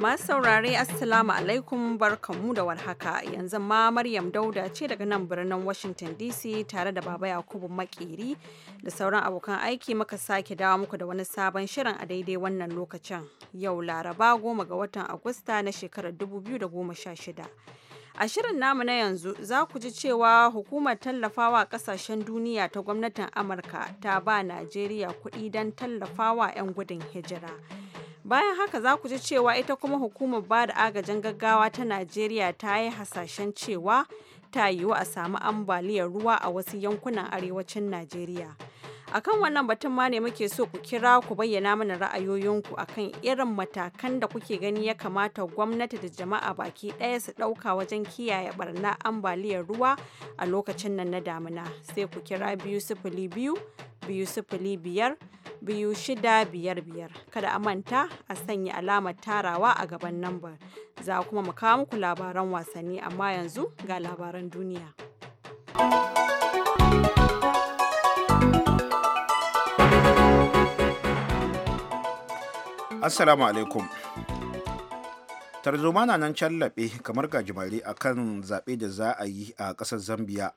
Masu saurare Assalamu alaikum barkanmu da warhaka yanzu ma Maryam Dauda ce daga nan birnin Washington DC tare da Baba Yakubu Makeri da sauran abokan aiki muka sake dawo muku da wani sabon shirin a daidai wannan lokacin yau Laraba goma ga watan Agusta na shekarar 2016. A shirin namu na yanzu za ku ji cewa hukumar tallafawa kasashen duniya ta gwamnatin Amurka ta ba Najeriya kuɗi don tallafawa 'yan gudun hijira. bayan haka za ku ji cewa ita kuma hukumar ba da agajin gaggawa ta najeriya ta yi hasashen cewa ta yiwu a samu ambaliyar ruwa a wasu yankunan arewacin najeriya akan wannan batun ma ne muke so ku kira ku bayyana mana ra'ayoyinku akan irin matakan da kuke gani ya kamata gwamnati da jama'a baki ɗaya su ɗauka wajen kiyaye barna ambaliyar ruwa a lokacin nan na damina sai ku kira biyu sifili biyu biyu sifili biyar biyu shida biyar biyar kada a manta a sanya alamar tarawa a gaban nambar, za kuma mu kawo muku labaran wasanni amma yanzu ga labaran duniya assalamu alaikum tarzoma na nan callaɓe kamar gajimare a kan zaɓe da za a yi a ƙasar zambia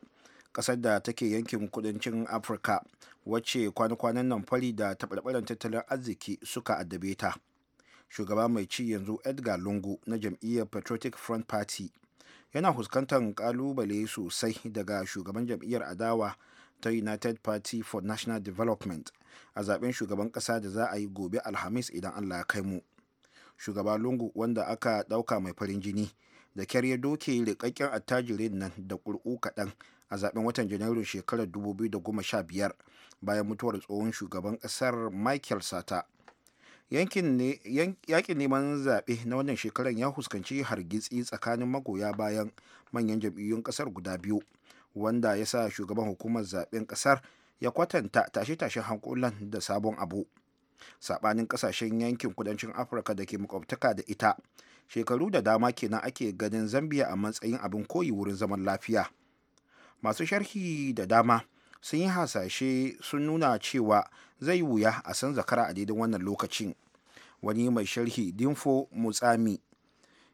kasar da take yankin kudancin afirka wacce kwanakwanan nan fari da taɓarɓaran tattalin arziki suka addabe ta shugaba mai ci yanzu edgar lungu na jam'iyyar patriotic front party yana fuskantar kalubale sosai daga shugaban jam'iyyar adawa ta united party for national development a zaben shugaban kasa da za a yi gobe alhamis idan allah ya kai mu shugaba lungu wanda aka dauka mai farin jini da kyar ya doke rikakken attajirin nan da kurku kaɗan a zaben watan janairu shekarar 2015 bayan mutuwar tsohon shugaban kasar michael sata yakin neman zaɓe na wannan shekarar ya huskanci hargitsi tsakanin magoya bayan manyan jam'iyyun ƙasar guda biyu wanda ya sa shugaban hukumar zaɓen ƙasar ya kwatanta tashe-tashen hankulan da sabon abu saɓanin ƙasashen yankin kudancin afirka da ke makwabtaka da ita shekaru da dama kenan ake ganin zambia a matsayin abin koyi wurin zaman lafiya masu sharhi da dama sun yi hasashe sun nuna cewa zai wuya a san zakara a daidai wannan lokacin wani mai sharhi dinfo mutsami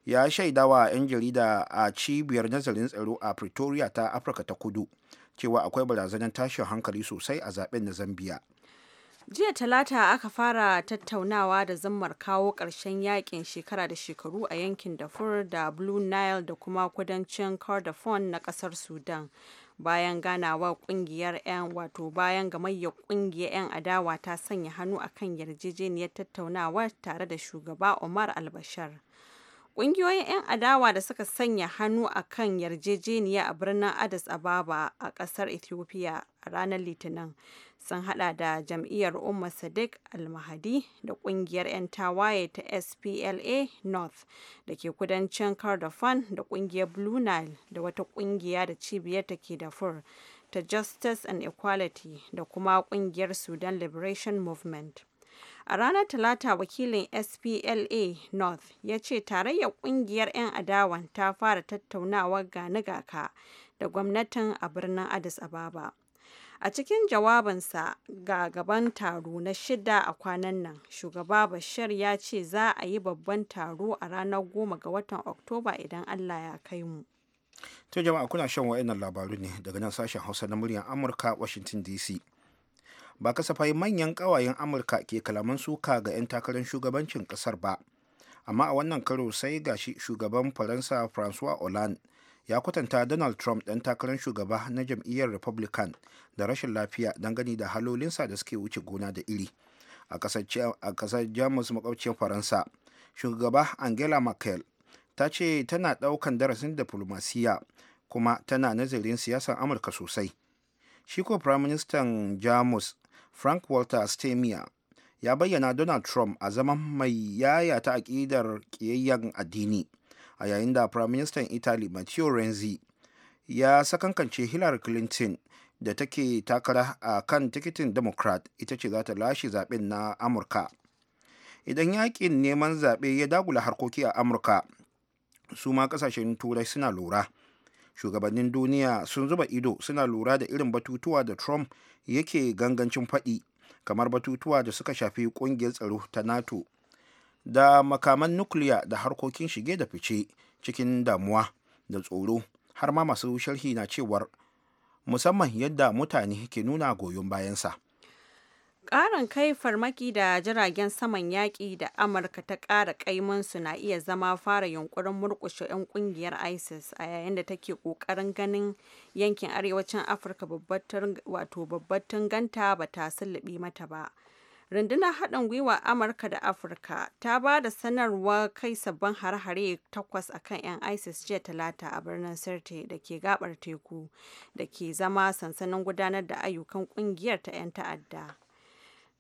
ya shaidawa 'yan jarida a cibiyar nazarin tsaro a pretoria ta afirka ta kudu cewa akwai barazanar tashin hankali sosai a zaben na zambia jiya talata aka fara tattaunawa da zammar kawo ƙarshen yakin shekara da shekaru a yankin dafur da blue nile da kuma kudancin kordofon na ƙasar sudan bayan ganawa kungiyar 'yan wato bayan gamayyar kungiyar 'yan adawa ta sanya hannu a kan yarjejeniyar tattaunawa tare da shugaba omar albashar Ƙungiyoyin 'yan adawa da suka sanya hannu a kan yarjejeniya a birnin Addis Ababa a ƙasar Ethiopia a ranar Litinin sun hada da jam'iyyar Umma Sadiq al Almahadi da ƙungiyar 'yan tawaye ta SPLA North da ke kudancin Kordofan da ƙungiyar Blue Nile da wata ƙungiya da cibiyar ta ke da fur ta Justice and Equality da kuma ƙungiyar Sudan Liberation Movement. A ranar Talata wakilin SPLA North ya ce tarayyar kungiyar 'yan adawan ta fara tattaunawar ga gaka da gwamnatin a birnin Addis Ababa. A cikin jawabinsa ga gaban taro na shida a kwanan nan, shugaba Bashir ya ce za a yi babban taro a ranar goma ga watan Oktoba idan Allah ya kai mu. To jama'a kuna shan wa'annan labaru ne daga nan sashen Hausa na muryar Amurka, Washington DC. ba kasafai manyan ƙawayen amurka ke kalaman suka ga 'yan takarar shugabancin kasar ba amma a wannan karo sai ga shi shugaban faransa francois hollande ya kwatanta donald trump ɗan takarar shugaba na jam'iyyar republican da rashin lafiya gani da halolinsa da suke wuce gona da iri a kasar jamus makwabciyar faransa shugaba angela merkel ta ce tana ɗaukan darasin diflomasiyya kuma tana nazarin siyasar amurka sosai shi ko prime jamus frank walter Stemia ya bayyana donald trump a zaman mai yayata aƙidar ƙiyayyen addini a yayin da prime minister italy matteo renzi ya sakankance hillary clinton da take takara a kan tikitin democrat ita ce za ta lashe zaɓen na amurka idan yakin neman zaɓe ya dagula harkoki a amurka su ma ƙasashen turai suna lura shugabannin duniya sun zuba ido suna lura da irin batutuwa da trump yake gangancin faɗi kamar batutuwa da suka shafi ƙungiyar tsaro ta nato da makaman nukiliya da harkokin shige da fice cikin damuwa da tsoro har ma masu sharhi na cewar musamman yadda mutane ke nuna goyon bayansa. Ƙarin kai farmaki da jiragen saman yaƙi da Amurka ta ƙara kaimansu na iya zama fara yunkurin murƙushe 'yan ƙungiyar ISIS a yayin da take ƙoƙarin ganin yankin arewacin Afirka wato babbar tunganta ba ta sulluɓe mata ba. Rundunar haɗin gwiwa Amurka da Afirka ta ba da sanarwar kai sabbin hare-hare takwas a kan 'yan ISIS jiya talata a birnin Sirte da ke gabar teku da ke zama sansanin gudanar da ayyukan ƙungiyar ta 'yan ta'adda.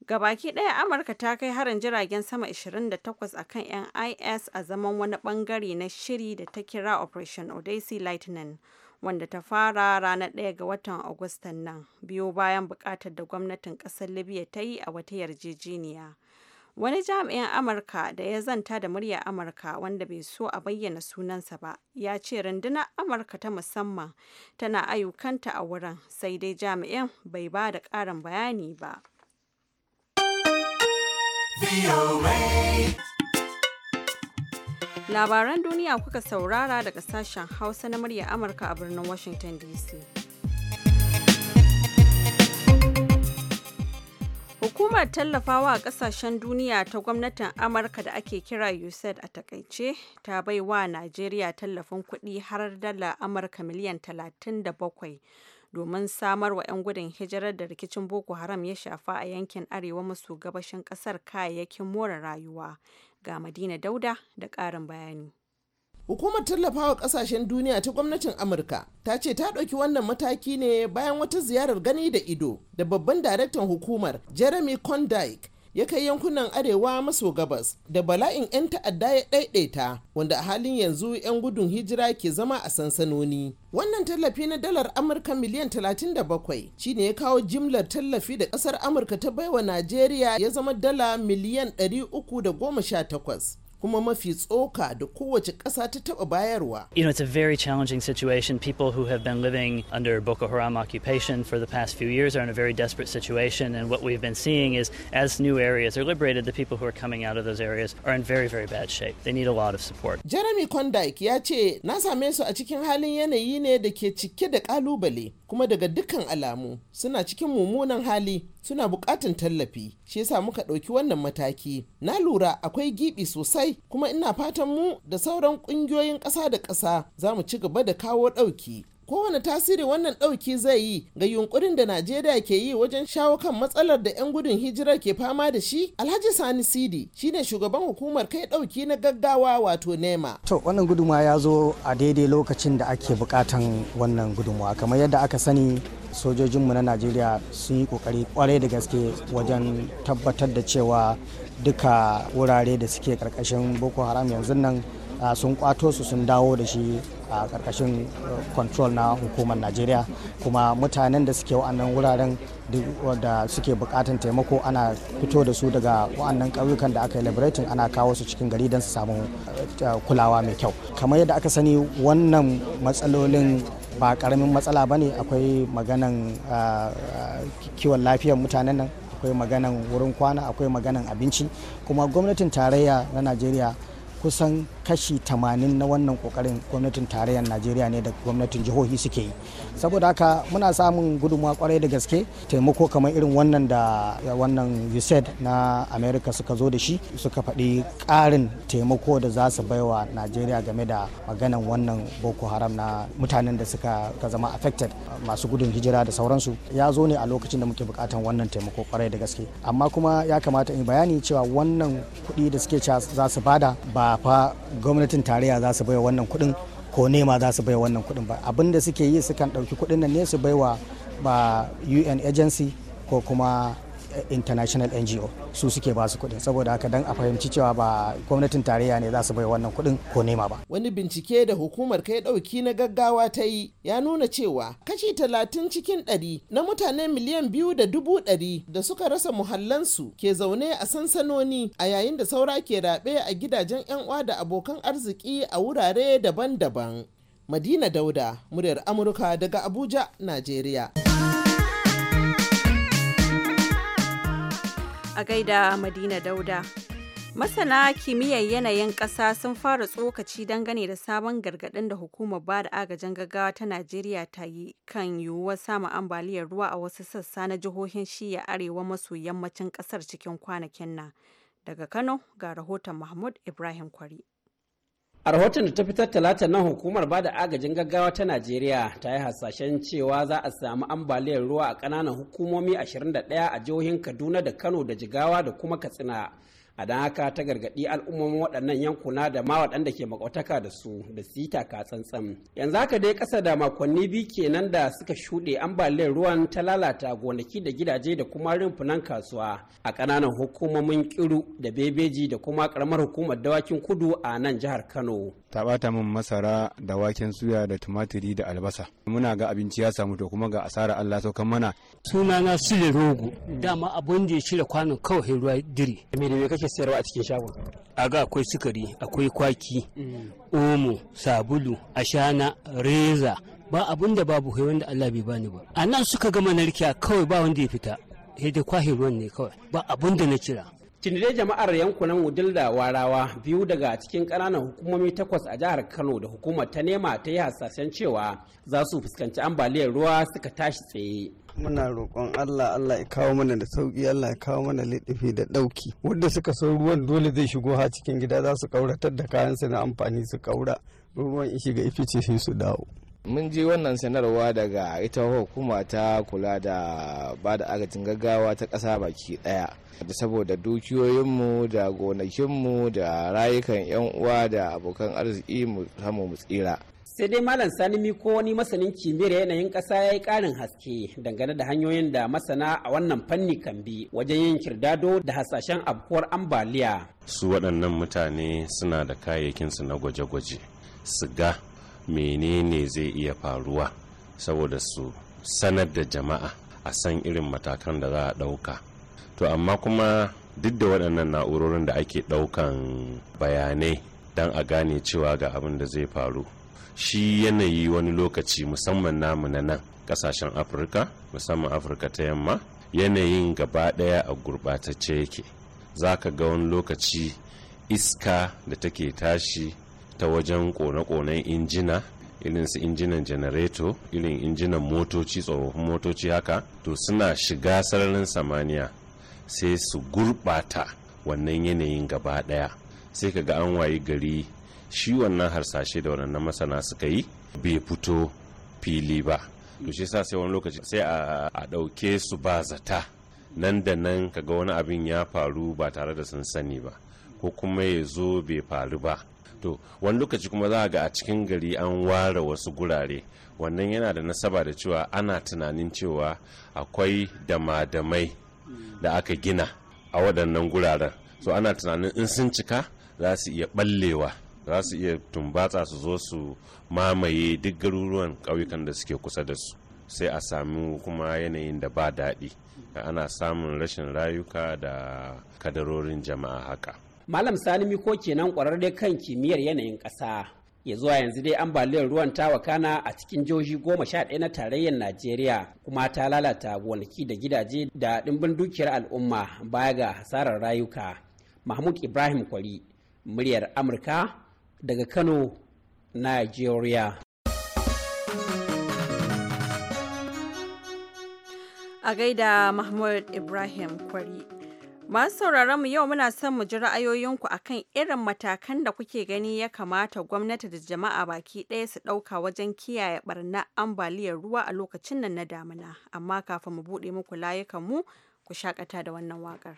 Gabaki ɗaya Amurka ta kai harin jiragen sama 28 a kan 'yan IS a zaman wani bangare na shiri da ta kira Operation Odyssey Lightning, wanda ta fara ranar ɗaya ga watan Agustan nan, biyo bayan buƙatar da gwamnatin ƙasar Libya ta yi a wata yarjejeniya. Wani jami'in Amurka da ya zanta da muryar Amurka wanda bai so a bayyana sunansa ba, ya ce rundunar Amurka ta musamman tana ayyukanta a wurin, sai dai jami'in bai ba da ƙarin bayani ba. Labaran duniya kuka saurara daga sashen Hausa na murya Amurka a birnin Washington DC. Hukumar tallafawa a kasashen duniya ta gwamnatin Amurka da ake kira USAID a takaice ta bai wa Najeriya tallafin kuɗi har dala Amurka miliyan 37 domin samar wa 'yan gudun hijirar da rikicin Boko Haram ya shafa a yankin arewa maso gabashin kasar kayayyakin more rayuwa. Ga Madina Dauda da karin bayani. Hukumar tallafawa kasashen duniya ta gwamnatin Amurka ta ce ta ɗauki wannan mataki ne bayan wata ziyarar gani da ido da babban daraktan hukumar Jeremy kondike ya kai yankunan arewa maso gabas da bala'in 'yan ta'adda ya ɗaiɗaita wanda a halin yanzu 'yan gudun hijira ke zama a sansanoni wannan tallafi na dalar amurka miliyan 37 shine ya kawo jimlar tallafi da ƙasar amurka ta baiwa najeriya ya zama dala miliyan 318 kuma mafi tsoka da kowace ƙasa ta taɓa bayarwa. You know, it's a very challenging situation. People who have been living under Boko Haram occupation for the past few years are in a very desperate situation. And what we've been seeing is as new areas are liberated, the people who are coming out of those areas are in very, very bad shape. They need a lot of support. Jeremy Kondike ya ce, na same su a cikin halin yanayi ne da ke cike da ƙalubale, kuma daga dukkan alamu suna cikin mummunan hali suna buƙatan tallafi shi yasa muka ɗauki wannan mataki na lura akwai giɓi sosai kuma ina fatan mu da sauran ƙungiyoyin ƙasa da ƙasa za mu ci gaba da kawo ɗauki kowane tasiri wannan ɗauki zai yi ga yunkurin da najeriya ke yi wajen shawo kan matsalar da 'yan gudun hijirar ke fama da shi alhaji sani sidi shine shugaban hukumar kai ɗauki na gaggawa wato nema to wannan gudunmawa ya zo a daidai lokacin da ake bukatan wannan gudunmawa kamar yadda aka sani sojojinmu na najeriya sun yi kokari kwarai da gaske wajen tabbatar da cewa duka wurare da suke karkashin boko haram yanzu nan sun kwato su sun dawo da shi a karkashin uh, control na hukumar najeriya kuma mutanen da suke wa'annan wuraren da suke bukatan taimako ana fito da su daga wa'annan ƙauyukan da aka yi liberating ana kawo su cikin gari don su samu uh, kulawa mai kyau kamar yadda aka sani wannan matsalolin ba karamin matsala ba ne akwai maganan uh, kiwon lafiyar mutanen nan akwai maganan wurin kwana akwai maganan abinci kuma gwamnatin tarayya na najeriya kusan kashi 80 na wannan kokarin gwamnatin tarayyar najeriya ne da gwamnatin jihohi suke yi saboda haka muna samun gudunmuwa kwarai da gaske taimako kamar irin wannan da wannan usaid na america suka zo da shi suka faɗi ƙarin taimako da za su baiwa najeriya game da maganan wannan boko haram na mutanen da suka zama affected masu gudun hijira da sauransu ya zo ne a lokacin da muke bukatan wannan taimako kwarai da gaske amma kuma ya kamata in bayani cewa wannan kuɗi da suke za su bada ba fa gwamnatin tarayya za su baiwa wannan kuɗin ko nema za su baiwa wannan kuɗin ba abin da suke yi sukan ɗauki kuɗin nan ne su baiwa ba un agency ko kuma international ngo su suke ba su kuɗin saboda haka dan a fahimci cewa ba gwamnatin tarayya ne za su bai wannan kuɗin ko nema ba wani bincike da hukumar kai dauki na gaggawa ta yi ya nuna cewa kashi talatin cikin ɗari na mutane miliyan biyu da dubu ɗari da suka rasa muhallansu ke zaune a sansanoni a yayin da saura ke raɓe a gidajen 'yan uwa da abokan arziki a wurare daban-daban madina dauda muryar amurka daga abuja nigeria. a gaida Madina Dauda. Masana kimiyyar yanayin ƙasa sun fara tsokaci dangane da sabon gargaɗin da hukumar ba da agajin gaggawa ta Najeriya ta yi kan yiwuwar samun ambaliyar ruwa a wasu sassa na jihohin shiya arewa maso yammacin ƙasar cikin kwanakin nan. Daga Kano ga rahoton Mahmud Ibrahim Kwari. a rahoton da ta fitar talata nan hukumar ba da agajin gaggawa ta najeriya ta yi hasashen cewa za a samu ambaliyar ruwa a ƙananan hukumomi 21 a jihohin kaduna da kano da jigawa da kuma katsina a don haka ta gargaɗi al'ummomin waɗannan yankuna da ma waɗanda ke makautaka da su da su yi tsantsan yanzu haka dai ƙasa da makonni biyu kenan da suka shuɗe ambaliyar ruwan ta lalata gonaki da gidaje da kuma rumfunan kasuwa a ƙananan hukumomin kiru da bebeji da kuma ƙaramar hukumar dawakin kudu a nan jihar kano ta bata min masara da waken suya da tumatiri da albasa muna ga abinci ya samu to kuma ga asara Allah saukan mana Suna na sule rogo dama abun da ya shirya kwanon kawai ruwa diri me da kake sayarwa a cikin shagon A aga akwai sukari akwai kwaki omo sabulu ashana reza ba abun da babu kai wanda Allah bai bani ba a nan suka gama narkiya kawai ba wanda ya fita sai dai kwahi ruwan ne kawai ba abun da na kira Tinire jama'ar yankunan Wudil Warawa biyu daga cikin kananan hukumomi takwas a jihar Kano da hukumar ta nema ta yi hasashen cewa za su fuskanci ambaliyar ruwa suka tashi tsaye. Muna roƙon Allah Allah ya kawo mana da sauƙi Allah ya kawo mana liɗifi da ɗauki. Wadda suka sau ruwan dole zai shigo ha cikin gida za su ƙauratar da kayansu na amfani su ƙaura. Ruwan ishi ga ifice sai su dawo. mun ji wannan sanarwa daga ita hukuma ta kula da ba da agajin gaggawa ta ƙasa baki ɗaya da saboda dukiyoyinmu da gonakinmu da rayukan 'yan uwa da abokan arziki mu samu mu tsira sai dai malam salimi ko wani masanin kimiyyar yanayin ƙasa ya yi ƙarin haske dangane da hanyoyin da masana a wannan fanni kan bi wajen yin kirdado da hasashen abubuwar ambaliya su waɗannan mutane suna da kayayyakinsu na gwaje-gwaje su ga menene zai iya faruwa saboda su sanar da jama'a a san irin matakan da za a ɗauka to amma kuma duk da waɗannan na'urorin da ake ɗaukan bayanai don a gane cewa ga abin da zai faru shi yanayi wani lokaci musamman namu na nan ƙasashen afirka musamman afirka ta yamma yanayin gaba ɗaya a gurɓatacce yake za ka ga wani lokaci iska da take tashi ta wajen kone-konen injina irin su injinan janareto irin injinan motoci tsohon motoci haka to suna shiga sararin samaniya sai su gurɓata wannan yanayin gaba ɗaya sai ka ga an wayi gari shi wannan harsashe da wannan masana suka yi bai fito fili ba to shi sa sai wani lokaci sai a ɗauke su ba zata nan da nan kaga wani abin ya faru ba tare da sun sani ba ko kuma ya zo bai faru ba to wani lokaci kuma za a ga a cikin gari an ware wasu gurare wannan yana da nasaba da cewa ana tunanin cewa akwai damadamai da aka gina a waɗannan guraren so ana tunanin in sun cika za su iya ɓallewa za su iya tumbatsa su zo su mamaye duk garuruwan ƙauyukan da suke kusa da su sai a sami kuma yanayin da ba daɗi ana samun rashin rayuka da kadarorin jama'a haka malam salimi ko kenan kwararre kan kimiyyar yanayin ƙasa ya zuwa yanzu dai ambaliyar ruwan ta wakana a cikin jihohi goma sha ɗaya na tarayyar najeriya kuma ta lalata gonaki da gidaje da ɗimbin dukiyar al'umma baya ga hasarar rayuka mahmud ibrahim kwari muryar amurka daga kano nigeria a gaida mahmud ibrahim kwari Masu sauraron mu yau muna son mu ji ra'ayoyinku akan irin matakan da kuke gani ya kamata gwamnati da jama'a baki ɗaya su ɗauka wajen kiyaye barna ambaliyar ruwa a lokacin nan na damina. Amma kafin mu buɗe muku layukan mu ku shakata da wannan waƙar.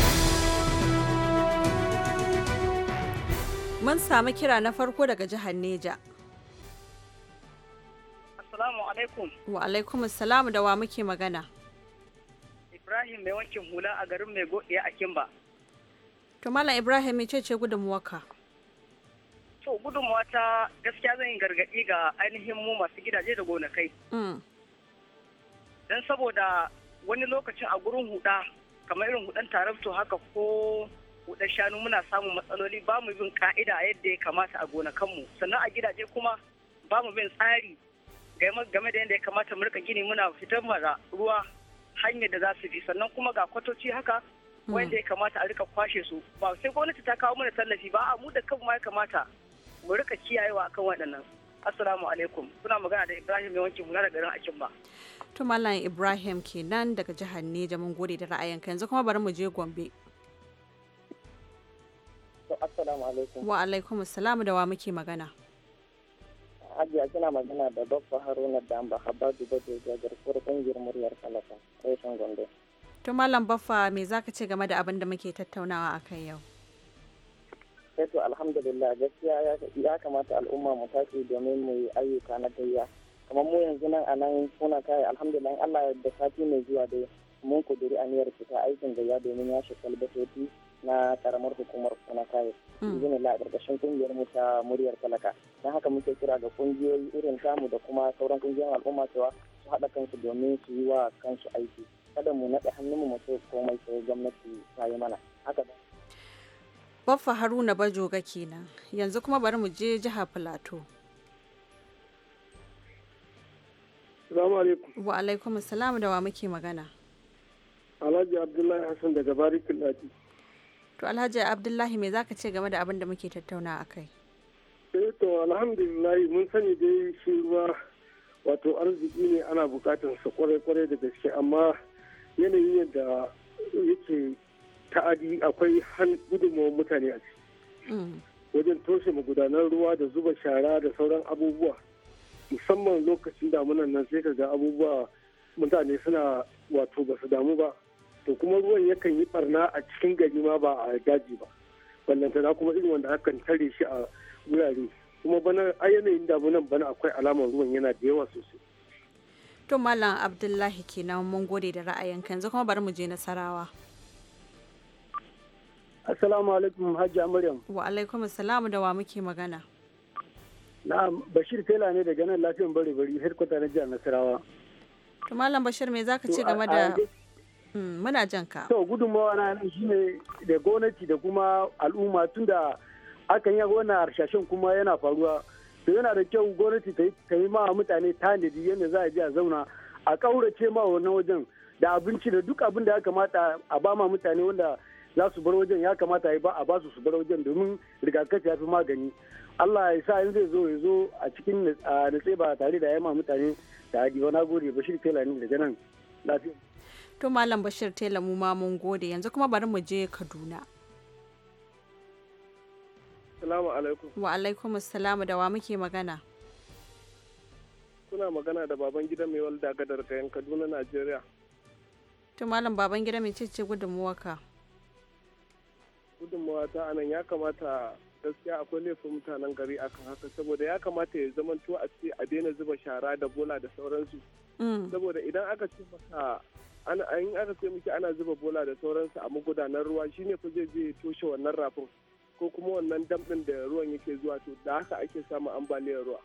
mun samu kira na farko daga jihar Neja. Assalamu alaikum. Wa alaikum assalamu da wa muke magana. Ibrahim mai wankin hula a garin mai godiya a Kimba. To Malam Ibrahim ya ce gudunmuwarka? To gudunmuwa ta gaskiya zan yi gargaɗi ga ainihin mu masu gidaje da gonakai. Mm. dan saboda wani lokacin a gurin huda kamar irin hudan tarabto haka ko hudar shanu muna samun matsaloli ba mu bin ka'ida yadda ya kamata a gonakanmu sannan a gidaje kuma ba mu bin tsari game da yadda ya kamata mu rika gini muna fitar mara ruwa hanyar da za su bi sannan kuma ga kwatoci haka hmm. wanda ya kamata a rika kwashe su ba sai gwamnati ta kawo mana tallafi ba a mu da kanmu ya kamata mu rika kiyayewa akan waɗannan assalamu alaikum suna magana da ibrahim yawancin muna da garin akin ba to ibrahim kenan daga jihar neja mun gode da ra'ayinka yanzu kuma bari mu je gombe Assalamu alaikum. Wa da wa muke magana. Hajiya kina magana da Baffa Haruna da Amba Habadu da Jojo garkuwar muryar Talaka, Reshen Gombe. tun Malam Baffa me zaka ce game da abin da muke tattaunawa a kan yau? Sai eh to alhamdulillah gaskiya ya kamata al'umma mu tashi domin mu yi ayyuka na gayya. Kamar mu yanzu nan a nan kuna kai alhamdulillah Allah ya da sati mai zuwa dai mun kuduri aniyar fita aikin gayya domin ya shi kalbatoti na karamar hukumar kuna kayo mm. izini la a ƙarƙashin ƙungiyar mu ta muryar talaka don haka muke kira ga ƙungiyoyi irin tamu da kuma sauran ƙungiyoyin al'umma cewa su haɗa kansu domin su yi wa kansu aiki kada mu naɗe hannunmu mu ce komai sai gwamnati ta yi mana haka Baffa Haruna Bajoga kenan yanzu kuma bari mu je jihar Filato. Salamu alaikum. Wa alaikum salamu da wa muke magana. Alhaji Abdullahi Hassan daga Barikin Lati. to alhaji abdullahi me zaka ce game da abin da muke tattauna a kai eh to alhamdulillahi mun sani dai shi ruwa wato arziki ne ana bukatar sa kwarai kwarai da gaske amma yanayin yadda yake ta'adi akwai gudunmawar mutane a ciki mm. wajen toshe magudanar ruwa da zuba shara da sauran abubuwa musamman lokacin damunan nan sai ka ga abubuwa mutane suna wato ba su damu ba to kuma ruwan yakan yi barna a cikin gari ma ba a daji ba ballantana kuma irin wanda akan tare shi a wurare kuma bana a yanayin damunan bana akwai alamar ruwan yana da yawa sosai to malam abdullahi kenan mun gode da ra'ayin yanzu kuma bari mu je nasarawa assalamu alaikum hajji amaryam wa alaikum assalamu da wa muke magana na'am bashir tela ne daga nan lafiyan bare bari headquarter na jihar nasarawa to malam bashir me zaka ce game da Mm, muna jan ka to gudunmawa na nan shine da gwamnati da kuma al'umma tunda akan yi wannan harshashen kuma yana faruwa to yana da kyau gwamnati ta yi ma mutane tanadi yadda za a je a zauna a kaurace ma wannan wajen da abinci da duk abin da ya kamata a ba ma mutane wanda za su bar wajen ya kamata a ba su su bar wajen domin rigakafi ya fi magani Allah ya sa in zai zo ya zo a cikin natse ba tare da ya ma mutane da hadi na gode bashir tela ne daga nan lafiya To Malam Bashir Tela mu ma mun gode yanzu kuma bari mu je Kaduna. Salamu alaikum. Wa alaikum salamu da wa muke magana. Kuna magana da baban gida mai walda gadar kayan Kaduna Najeriya. To Malam baban gida mai cece gudunmuwa ka. Gudunmuwa ta anan ya kamata gaskiya akwai laifin mutanen gari akan haka saboda ya kamata ya tuwa a ce a daina zuba shara da bola da sauransu. Mm. Saboda idan aka ce maka an aka ce miki ana zuba bola da sauransu a magudanar ruwa shine fa zai je toshe wannan rafin ko kuma wannan damɗin da ruwan yake zuwa to da haka ake samu ambaliyar ruwa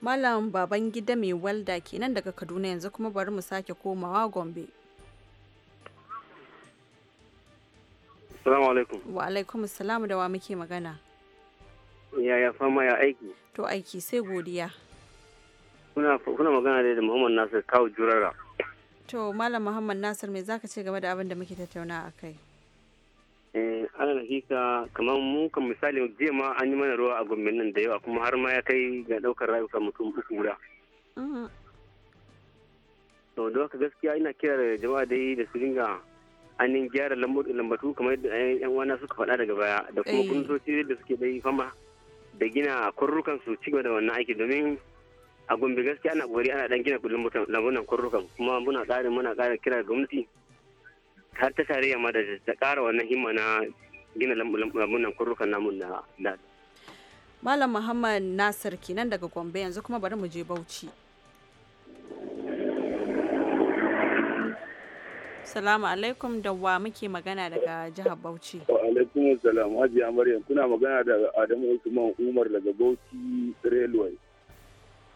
Malam baban gida mai walda kenan daga Kaduna yanzu kuma bari mu sake komawa Gombe. Assalamu alaikum. Wa alaikum da wa muke magana. Yaya fama ya aiki? To aiki sai godiya. Kuna magana da Muhammad Nasir kawo Jurara. To Malam Muhammad Nasir me zaka ce game da abin da muke tattauna a kai? Eh, ana hakika kamar mu kan misali jiya ma an yi mana ruwa a gombe nan da yawa kuma har ma ya kai ga daukar rayuka mutum uku guda. Mm-hmm. To don haka gaskiya ina kira da jama'a dai da su dinga anin gyara lambatu kamar yadda yan wana suka faɗa daga baya da kuma eh. kunsoci da suke dai fama da gina kurrukan su gaba da wannan aiki domin a gombe gaskiya ana kokari ana dan gina kullum lambunan kurrukan kuma muna ƙarin muna ƙara kira gwamnati har ta tarayya ma da ta ƙara wannan himma na gina lambunan kurrukan namun na da Malam Muhammad Nasir kenan daga Gombe yanzu kuma bari mu je Bauchi. Salamu alaikum da wa muke magana daga jihar Bauchi. Wa alaikum salam Hajiya Maryam kuna magana da Adamu Usman Umar daga Bauchi Railway.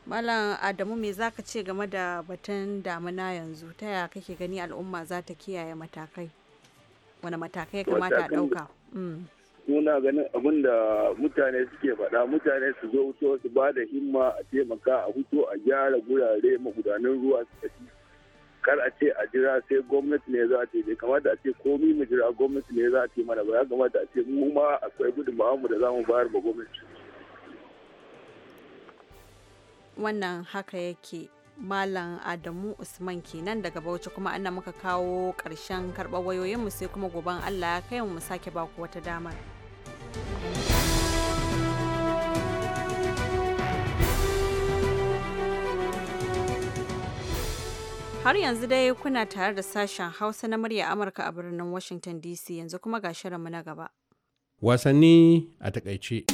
Malam Adamu me zaka ce game da batun damuna yanzu ta yaya kake gani al'umma za ta kiyaye matakai? wani matakai ya kamata a ɗauka? Suna mm. ganin abin da mutane suke faɗa mutane su zo wuto su ba da himma a taimaka a hutu a gyara gurare magudanan ruwa su tafi. Kar a ce a jira sai gwamnati ne za ta yi kamata a ce komi mu jira gwamnati ne za ta yi mana ba ya kamata a ce mu ma akwai gudunmawa mu da za mu bayar ba gwamnati. wannan haka yake malam adamu usman kenan daga bauchi kuma ana muka kawo ƙarshen karɓar wayoyinmu sai kuma goban allah ya kai mu sake baku wata damar. Har yanzu dai kuna tare da sashen Hausa na murya Amurka a birnin Washington DC yanzu kuma ga shirinmu na gaba. Wasanni a takaice.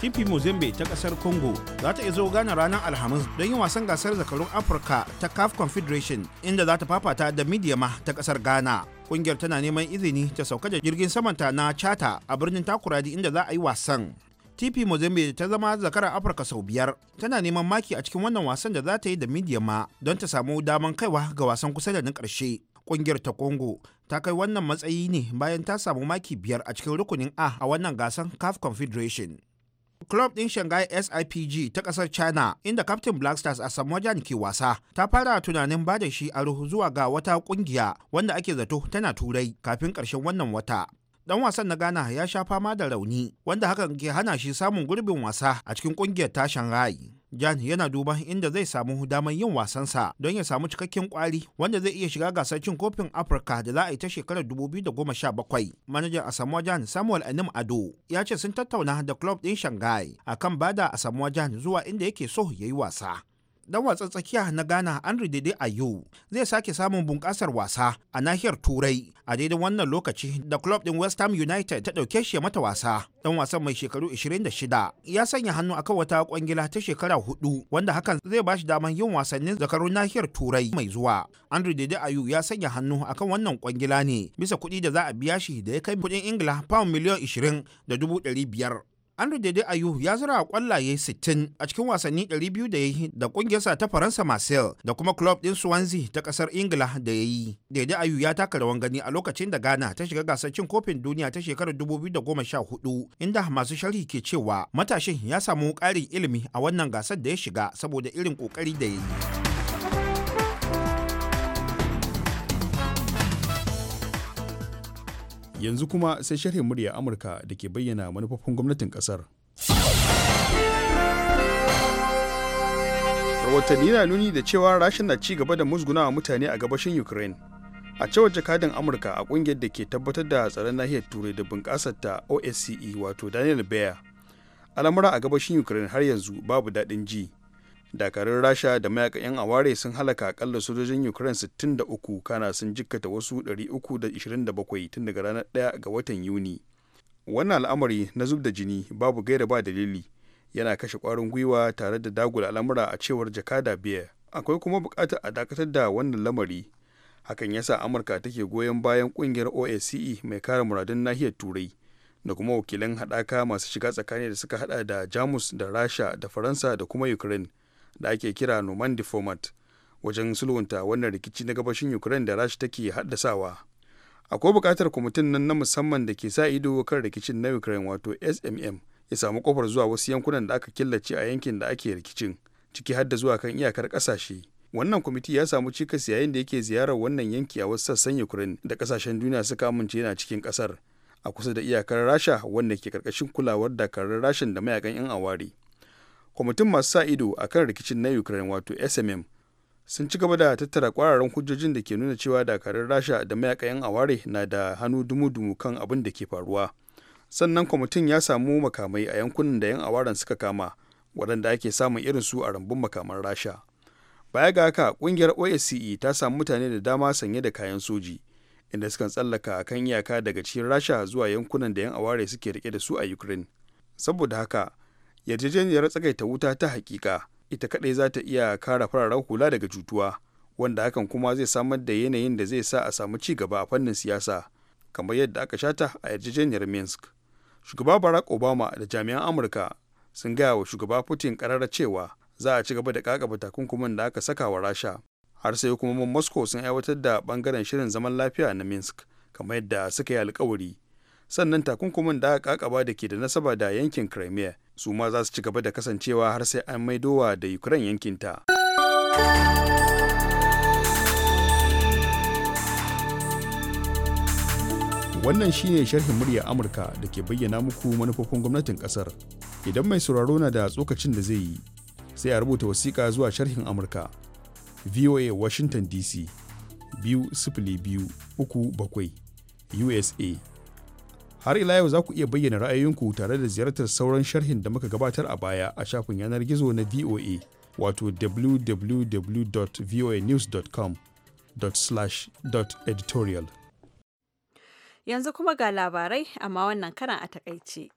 tipi mozambe ta kasar congo za ta izo gana ranar alhamis don yin wasan gasar zakarun afirka ta caf confederation inda za ta fafata da midiyama ta kasar ghana kungiyar tana neman izini ta sauka da jirgin samanta na chata a birnin takuradi inda za a yi wasan tp mozambe ta zama zakarar afirka sau biyar tana neman maki a cikin wannan wasan da za ta yi da midiyama don ta samu daman kaiwa ga wasan kusa da na ƙarshe kungiyar ta congo ta kai wannan matsayi ne bayan ta samu maki biyar a cikin rukunin a a wannan gasar caf confederation club ɗin Shanghai SIPG ta kasar China inda Captain Black Stars Asamoah ke wasa ta fara tunanin bada shi a ruhu zuwa ga wata kungiya wanda ake zato tana turai kafin karshen wannan wata. dan wasan na ghana ya sha fama da rauni wanda hakan ke hana shi samun gurbin wasa a cikin kungiyar tashan rai jan yana duba inda zai samu damar yin wasansa don ya samu cikakken kwari wanda zai iya shiga gasar cin kofin afirka da za a yi ta shekarar 2017 manajan asamuwa jan samuel anim ado ya ce sun tattauna da club din shanghai akan bada asamuwa jan zuwa inda yake so ya yi wasa dan wasan tsakiya na Ghana Andre Dede Ayew zai sake samun bunƙasar wasa a nahiyar Turai a daidai wannan lokaci da club din West Ham United ta ɗauke shi mata wasa. Dan wasan mai shekaru 26 ya sanya hannu akan wata kwangila ta shekara hudu wanda hakan zai ba shi damar yin wasannin zakarun nahiyar Turai mai zuwa. Andre daidai Ayew ya sanya hannu akan wannan kwangila ne bisa kuɗi da za a biya shi da ya kai kuɗin Ingila pound miliyan 20 da dubu biyar. Andrew Dede Ayu ya zura a kwallaye 60 a cikin wasanni 200 da ya yi da kungiyarsa ta Faransa marcel da kuma club din Swansea ta kasar Ingila da ya yi. Dede Ayu ya taka rawan gani a lokacin da Ghana ta shiga gasar cin kofin duniya ta shekarar 2014 inda masu sharhi ke cewa matashin ya samu ƙarin ilimi a wannan gasar da ya shiga saboda irin ƙoƙari da ya yi. yanzu kuma sai sharhin murya amurka da ke bayyana manufofin gwamnatin kasar rahotanni na nuni da cewa rashin na ci gaba da musgunawa mutane a gabashin ukraine a cewar jakadan amurka a kungiyar da ke tabbatar da tsaron nahiyar turai da bunƙasar ta osce wato daniel bayer al'amura a gabashin ukraine har yanzu babu daɗin ji dakarun rasha da mayakan 'yan aware sun halaka akalla sojojin ukraine uku kana sun jikkata wasu 327 tun daga ranar 1 ga watan yuni wannan al'amari na zub da jini babu gaira ba dalili yana kashe kwarin gwiwa tare da dagula al'amura a cewar jakada biyar akwai kuma bukatar a dakatar da wannan lamari hakan yasa amurka take goyon bayan kungiyar osce mai kare muradun nahiyar turai da kuma wakilan haɗaka masu shiga tsakani da suka hada da jamus da rasha da faransa da kuma ukraine da ake kira noman format wajen sulhunta wannan rikici na gabashin ukraine da rashi take haddasawa akwai bukatar kwamitin nan na musamman da ke sa ido kan rikicin na ukraine wato smm ya samu kofar zuwa wasu yankunan da aka killace a yankin da ake rikicin ciki hadda zuwa kan iyakar ƙasashe wannan kwamiti ya samu cikas yayin da yake ziyarar wannan yanki a wasu sassan ukraine da ƙasashen duniya suka amince yana cikin ƙasar a kusa da iyakar rasha wanda ke ƙarƙashin kulawar dakarun rashin da mayakan 'yan aware kwamitin masu sa ido a kan rikicin na ukraine wato smm sun ci gaba da tattara kwararan hujjojin da ke nuna cewa dakarun rasha da mayaka 'yan aware na da hannu dumu-dumu kan abin da ke faruwa sannan kwamitin ya samu makamai a yankunan da 'yan awaren suka kama waɗanda ake samun irin su a rambun makaman rasha baya ga haka ƙungiyar osce ta samu mutane da dama sanye da kayan soji inda sukan tsallaka kan iyaka daga cikin rasha zuwa yankunan da 'yan aware suke rike da su a ukraine saboda haka yarjejeniyar tsagaita wuta ta hakika ita kadai za ta iya kara fararen hula daga jutuwa wanda hakan kuma zai samar da yanayin da zai sa a samu ci gaba a fannin siyasa kamar yadda aka shata a yarjejeniyar minsk shugaba barack obama da jami'an amurka sun gaya wa shugaba putin karara cewa za a ci gaba da kakaba takunkumin da aka saka wa rasha har sai hukumomin moscow sun aiwatar da bangaren shirin zaman lafiya na minsk kamar yadda suka yi alkawari sannan takunkumin da aka kakaba da ke da nasaba da yankin crimea su ma za su ci gaba da kasancewa har sai an maidowa da ukraine yankinta wannan shi ne sharhin murya amurka da ke bayyana muku manufofin gwamnatin kasar idan mai sauraro na da tsokacin da zai yi sai a rubuta wasiƙa zuwa sharhin amurka voa washington dc biyu sifili biyu uku bakwai usa har ila yau za ku iya bayyana ra'ayoyinku tare da ziyartar sauran sharhin da muka gabatar a baya a shafin yanar gizo na voa wato www.voanews.com/editorial yanzu kuma ga labarai amma wannan karan a takaice.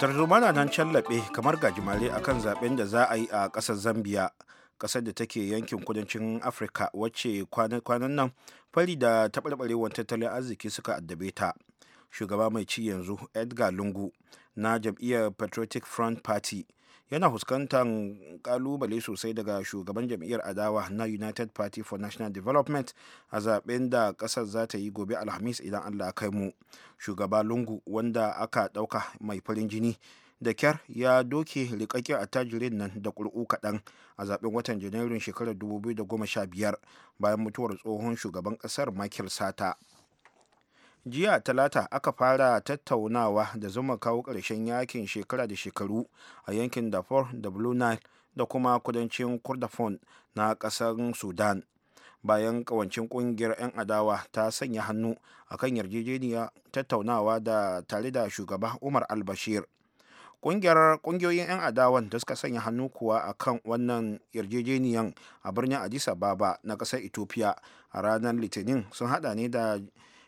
tarzoma na nan callaɓe kamar gajimare akan zaben da za a yi a ƙasar zambia kasar da take yankin kudancin afirka wacce kwanan nan fari da taɓarɓarewar tattalin arziki suka addabe ta shugaba mai ci yanzu edgar lungu na jam'iyyar patriotic front party yana fuskantar kalubale sosai daga shugaban jam'iyyar adawa na united party for national development a zaben da kasar za ta yi gobe alhamis idan allah kai mu shugaba lungu wanda aka dauka mai farin jini da kyar ya doke a tajirin nan da ƙuri'u kaɗan a zaɓen watan janairun shekarar 2015 bayan mutuwar tsohon shugaban ƙasar michael sata jiya talata aka fara tattaunawa da zama kawo ƙarshen yakin shekara da shekaru a yankin darfur da blue nile da kuma kudancin kurdafon na ƙasar sudan bayan kawancin ƙungiyar 'yan adawa ta sanya hannu a kan yarjejeniya tattaunawa da tare da shugaba umar al Ƙungiyar ƙungiyoyin 'yan adawan da suka sanya hannu kuwa a kan wannan yarjejeniyan a birnin Addis Ababa na ƙasar Ethiopia a ranar Litinin sun hada ne da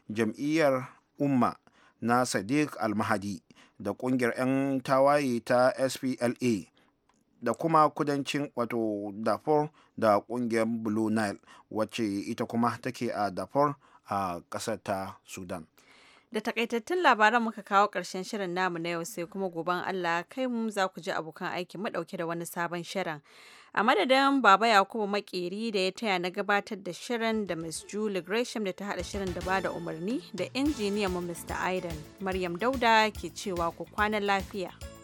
jam'iyyar Umma na Sadiq Almahadi da ƙungiyar 'yan tawaye ta SPLA. da kuma kudancin wato dafor da kungiyar blue nile wacce ita kuma take a dafor a ƙasar ta sudan Da takaitattun labaran muka kawo ƙarshen shirin namu na yau sai kuma goban Allah kai mu za ku ji abokan aiki madauke da wani sabon shirin. A madadin Baba Yakubu Makeri da ya taya na gabatar da shirin da Miss Julie Gresham da ta haɗa shirin da ba da umarni da injiniyan mu Mr. Aidan. Maryam Dauda ke cewa ku kwana lafiya.